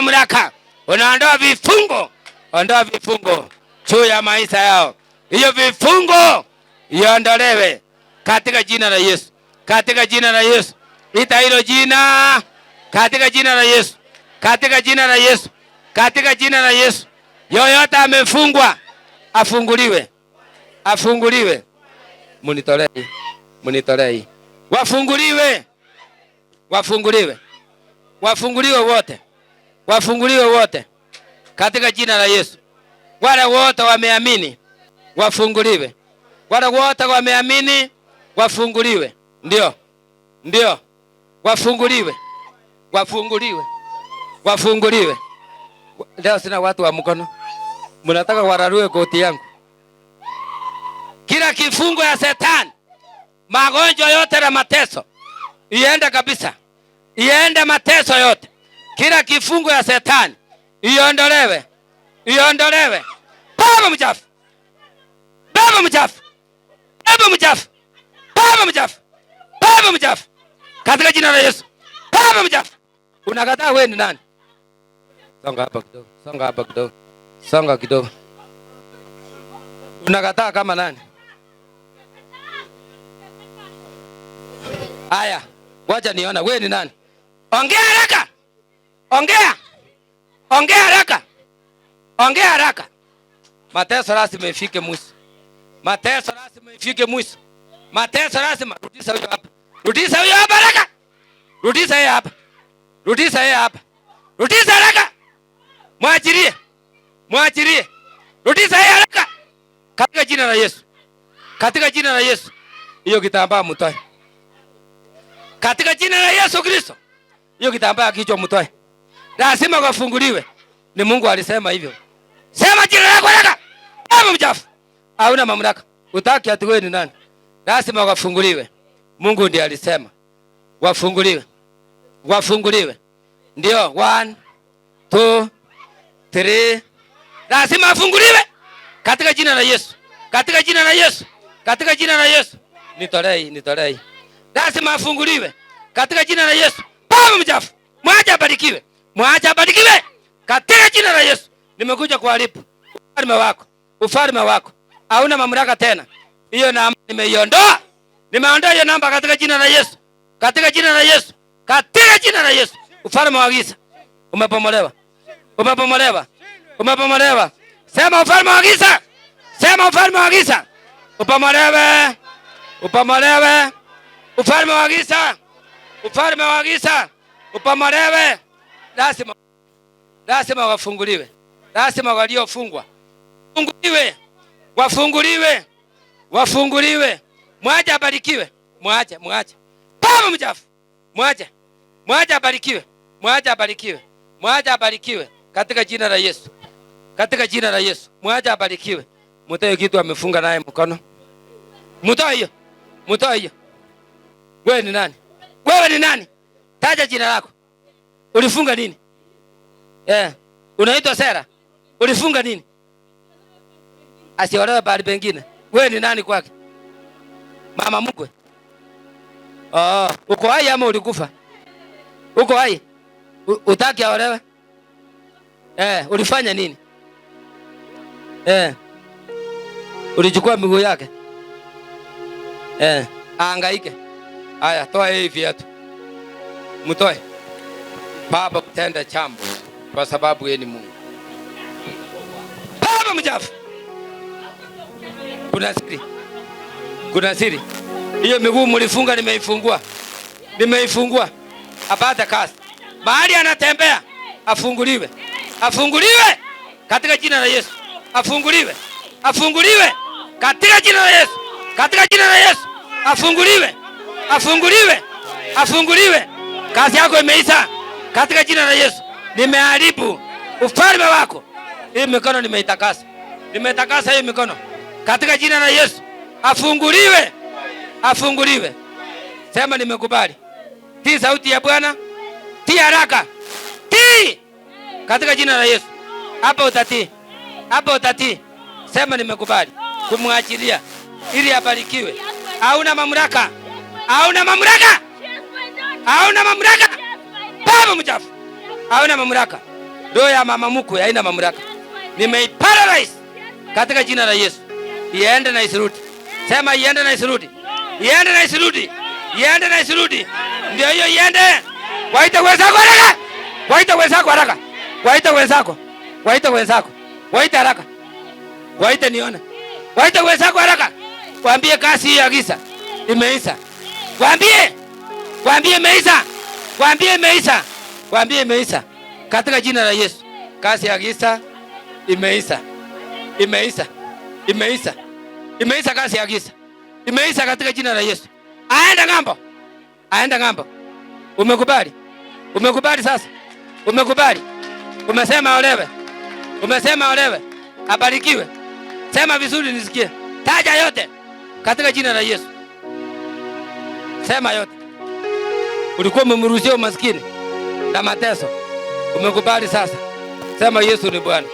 mamlaka, unaondoa vifungo, ondoa vifungo juu ya maisha yao, hiyo vifungo iondolewe katika jina la Yesu, katika jina la Yesu, ita hilo jina katika jina la Yesu, katika jina la Yesu, katika jina la Yesu. Yoyote amefungwa afunguliwe, afunguliwe. Munitolei, munitolei, wafunguliwe, wafunguliwe, wafunguliwe wote wafunguliwe wote katika jina la Yesu. Wale wote wameamini wafunguliwe, wale wote wameamini wafunguliwe, ndio ndio, wafunguliwe, wafunguliwe, wafunguliwe. Leo sina watu wa mkono, mnataka wararue koti yangu. Kila kifungo ya Shetani, magonjwa yote na mateso iende kabisa, iende mateso yote kila kifungo ya setani iondolewe, iondolewe. Baba mchafu, baba mchafu, baba mchafu, baba mchafu, baba mchafu, katika jina la Yesu. Baba mchafu, unakataa wewe ni nani? Songa hapa kidogo, songa hapa kidogo, songa kidogo. Unakataa kama nani? Aya, wacha niona wewe ni nani. Ongea haraka. Ongea, ongea haraka, ongea haraka. Mateso lazima ifike mwisho, mateso lazima ifike mwisho, mateso lazima. Rudisha huyo hapa, rudisha huyo hapa haraka, rudisha yeye hapa, rudisha yeye hapa, rudisha haraka, mwachirie, mwachirie, rudisha yeye haraka, katika jina la Yesu, katika jina la Yesu, hiyo kitambaa mtoe, katika jina la Yesu Kristo, hiyo kitambaa kichwa mtoe lazima wafunguliwe. Ni Mungu alisema hivyo. Sema jina lako haraka. Kama mjafu. Hauna mamlaka. Utaki ati wewe ni nani? Lazima wafunguliwe. Mungu ndiye alisema. Wafunguliwe. Wafunguliwe. Ndio 1 2 3 lazima wafunguliwe katika jina la Yesu. Katika jina la Yesu. Katika jina la Yesu. Nitolei, nitolei. Lazima afunguliwe katika jina la Yesu. Kama mjafu. Mwaje abarikiwe mwacha abadikiwe katika jina la Yesu. Nimekuja kuharibu ufalme wako, ufalme wako hauna mamlaka tena. Hiyo namba nimeiondoa, nimeondoa hiyo namba katika jina la Yesu, katika jina la Yesu, katika jina la Yesu. Ufalme wa giza umepomolewa, umepomolewa, umepomolewa. Sema ufalme wa giza, sema ufalme wa giza upomolewe, upomolewe. Ufalme wa giza, ufalme wa giza upomolewe lazima lazima wafunguliwe, lazima waliofungwa funguliwe, wafunguliwe, wafunguliwe. mwaje abarikiwe, mwaje, mwaje baba mchafu, mwaje, mwaje abarikiwe, mwaje abarikiwe, mwaje abarikiwe katika jina la Yesu, katika jina la Yesu, mwaje abarikiwe. Mtoe kitu amefunga naye mkono, mtoe hiyo, mtoe hiyo. Wewe ni nani? Wewe ni nani? Taja jina lako. Ulifunga nini? Eh, unaitwa Sera. Ulifunga nini? Asiolewe ah, pahali pengine. Wewe ni nani kwake? Mama mkwe. Oh, uko hai ama ulikufa? Uko hai? Utaki aolewe? Eh, ulifanya nini? Eh. Ulichukua miguu yake? Eh, aangaike. Aya, toa hivi viatu. Mtoe. Baba kutenda chambo kwa sababu yeye ni Mungu. Baba mjafu. kuna siri, kuna siri. Hiyo miguu mlifunga, nimeifungua, nimeifungua apate kazi mahali anatembea, afunguliwe, afunguliwe katika jina la Yesu, afunguliwe, afunguliwe katika jina la Yesu, katika jina la Yesu, afunguliwe, afunguliwe, afunguliwe. Kazi yako imeisha katika jina la Yesu nimeharibu ufalme wako. Hii mikono nimeitakasa, nimeitakasa hii mikono katika jina la Yesu. Afunguliwe, afunguliwe. Sema nimekubali. Tii sauti ya Bwana, tii haraka, ti katika jina la Yesu. Hapo utati hapo utatii. Sema nimekubali kumwachilia ili abarikiwe. Hauna mamlaka, hauna mamlaka, hauna mamlaka baba mchafu hawana mamlaka. Roho ya mama mkwe haina mamlaka, nimeiparalyze katika jina la Yesu. Iende na isirudi. Sema iende na isirudi, iende na isirudi, iende na isirudi. Ndio hiyo iende. Waita wenzako haraka, waita wenzako haraka, waita wenzako, waita wenzako, waita haraka, waita niona, waita wenzako haraka, waambie kasi hii ya giza imeisha, waambie, waambie imeisha. Kwambie imeisha. kwambie imeisha. Katika jina la Yesu. Kazi ya giza imeisha. Imeisha. Imeisha. Imeisha kazi ya giza. Imeisha katika jina la Yesu. Aenda ng'ambo. Aenda ng'ambo. Umekubali? Umekubali sasa? Umekubali? Umesema olewe. Umesema olewe. Abarikiwe. Sema vizuri nisikie. Taja yote katika jina la Yesu. Sema yote. Ulikuwa umemruhusia umaskini na mateso, umekubali sasa. Sema Yesu ni Bwana,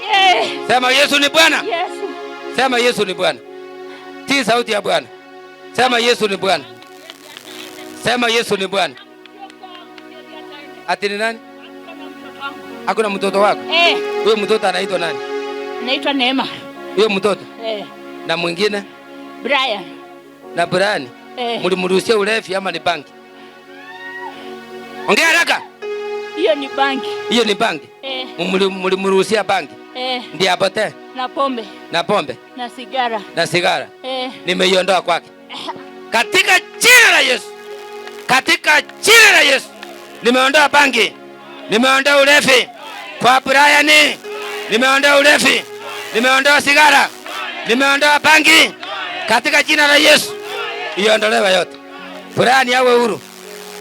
sema Yesu ni Bwana, sema Yesu ni Bwana. Tii sauti ya Bwana, sema Yesu ni Bwana, sema Yesu ni Bwana. Ati ni nani? Hakuna mtoto wako Eh. huyo? Mtoto anaitwa nani? Anaitwa Neema huyo mtoto Eh. na mwingine Brian na Brian. Eh. Mlimruhusia ulevi ama ni banki? Ongea haraka. Hiyo ni bangi. Hiyo ni bangi. Eh. Mlimruhusia bangi? Eh. Ndiye apotee. Na pombe. Na pombe. Na sigara. Na sigara. Eh. Nimeiondoa kwake. Katika jina la Yesu. Katika jina la Yesu. Nimeondoa bangi. Nimeondoa urefi. Kwa Brian. Nimeondoa urefi. Nimeondoa sigara. Nimeondoa bangi. Katika jina la Yesu. Iondolewa yote. Brian awe huru.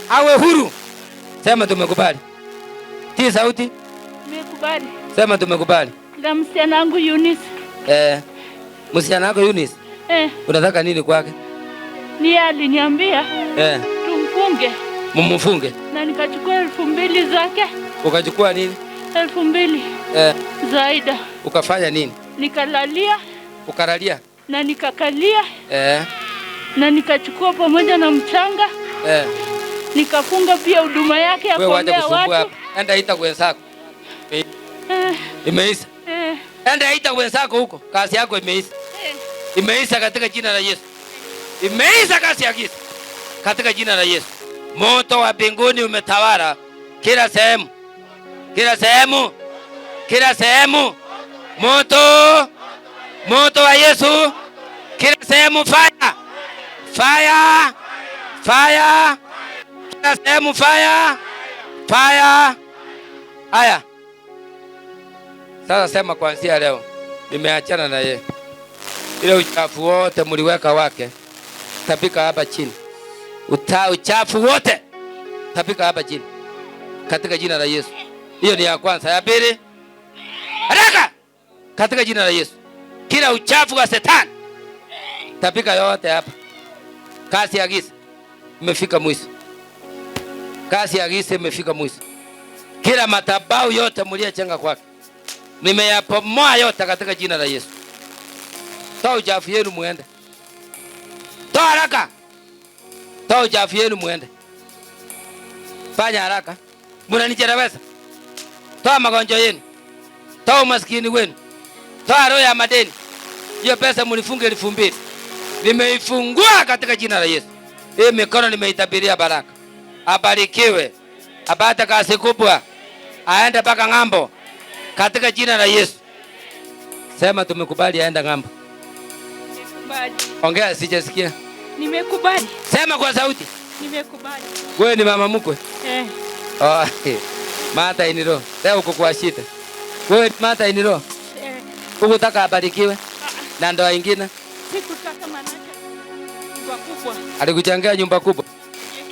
Awe huru. Sema tumekubali. Tii sauti. Nimekubali. Sema tumekubali. Na msichana wangu Eunice. Eh. Msichana wako Eunice? Eh. Unataka nini kwake? Ni aliniambia. Eh. Tumfunge. Mumfunge. Na nikachukua elfu mbili zake. Ukachukua nini? Elfu mbili. Eh. Zaida. Ukafanya nini? Nikalalia. Ukalalia. Na nikakalia. Eh. Na nikachukua pamoja na mchanga. Eh nikafunga pia huduma yake ya kuombea watu. Enda ita wenzako imeisha. Eh. Eh. Enda ita wenzako huko, kazi yako imeisha. Eh. Imeisha katika jina la Yesu. Imeisha kazi ya giza katika jina la Yesu. Moto wa mbinguni umetawala kila sehemu, kila sehemu, kila sehemu. Moto, moto wa Yesu kila sehemu. Fire, fire, fire kila sehemu faya faya. Haya sasa, sema kuanzia leo nimeachana na ye, ile uchafu wote muliweka wake tapika hapa chini, uta uchafu wote tapika hapa chini katika jina la Yesu. Hiyo ni ya kwanza. Ya pili, haraka katika jina la Yesu, kila uchafu wa Shetani tapika yote hapa. Kasi ya giza imefika mwisho. Kasi ya Gisa imefika mwisho. Kila matabau yote mliyochenga kwake nimeyapomoa yote katika jina la Yesu. Toa uchafu yenu muende. Toa haraka. Toa uchafu yenu muende. Fanya haraka. Mnanijereweza. Toa magonjwa yenu. Toa umaskini wenu. Toa roho ya madeni. Hiyo pesa mlifunga elfu mbili. Nimeifungua katika jina la Yesu. Hii mikono nimeitabiria baraka abarikiwe, apate kazi kubwa, aende mpaka ng'ambo katika jina la Yesu. Sema tumekubali, aende ng'ambo. Ongea, sijasikia. Nimekubali. Sema kwa sauti. Nimekubali. Wewe ni mama mkwe? Eh. Oh, ah, mata iniro. Leo uko kwa shida. Wewe mata iniro. Eh. Ukutaka abarikiwe na ndoa nyingine. Sikutaka manaka. Nyumba kubwa. Alikuchangia nyumba kubwa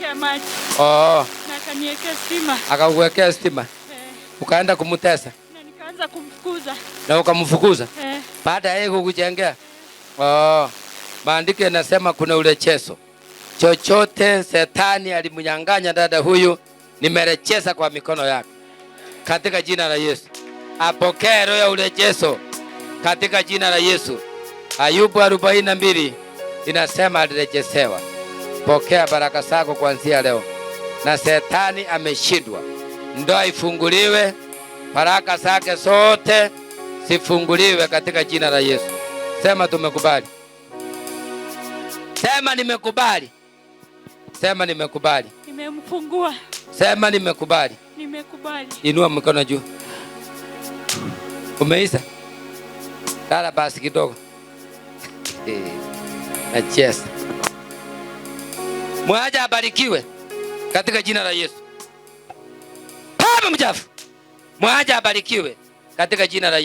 akaniwekea maji. Oh. Na akaniwekea stima. Akakuwekea stima. Eh. Ukaenda kumtesa. Na nikaanza kumfukuza. Na ukamfukuza? Eh. Baada ya yeye kukujengea. Oh. Maandiko yanasema kuna urechezo. Chochote setani alimnyang'anya dada huyu, nimerecheza kwa mikono yake. Katika jina la Yesu. Apokee roho ya urechezo. Katika jina la Yesu. Ayubu 42 inasema alirejesewa Pokea baraka zako kuanzia leo, na shetani ameshindwa. Ndoa ifunguliwe, baraka zake zote zifunguliwe katika jina la Yesu. Sema tumekubali, sema nimekubali, sema nimekubali, nimemfungua, sema nimekubali, nimekubali. Inua mkono juu. umeisa Lala basi kidogo. Nacheza. Mwaja abarikiwe katika jina la Yesu. Baba mchafu, mwaja abarikiwe katika jina la Yesu.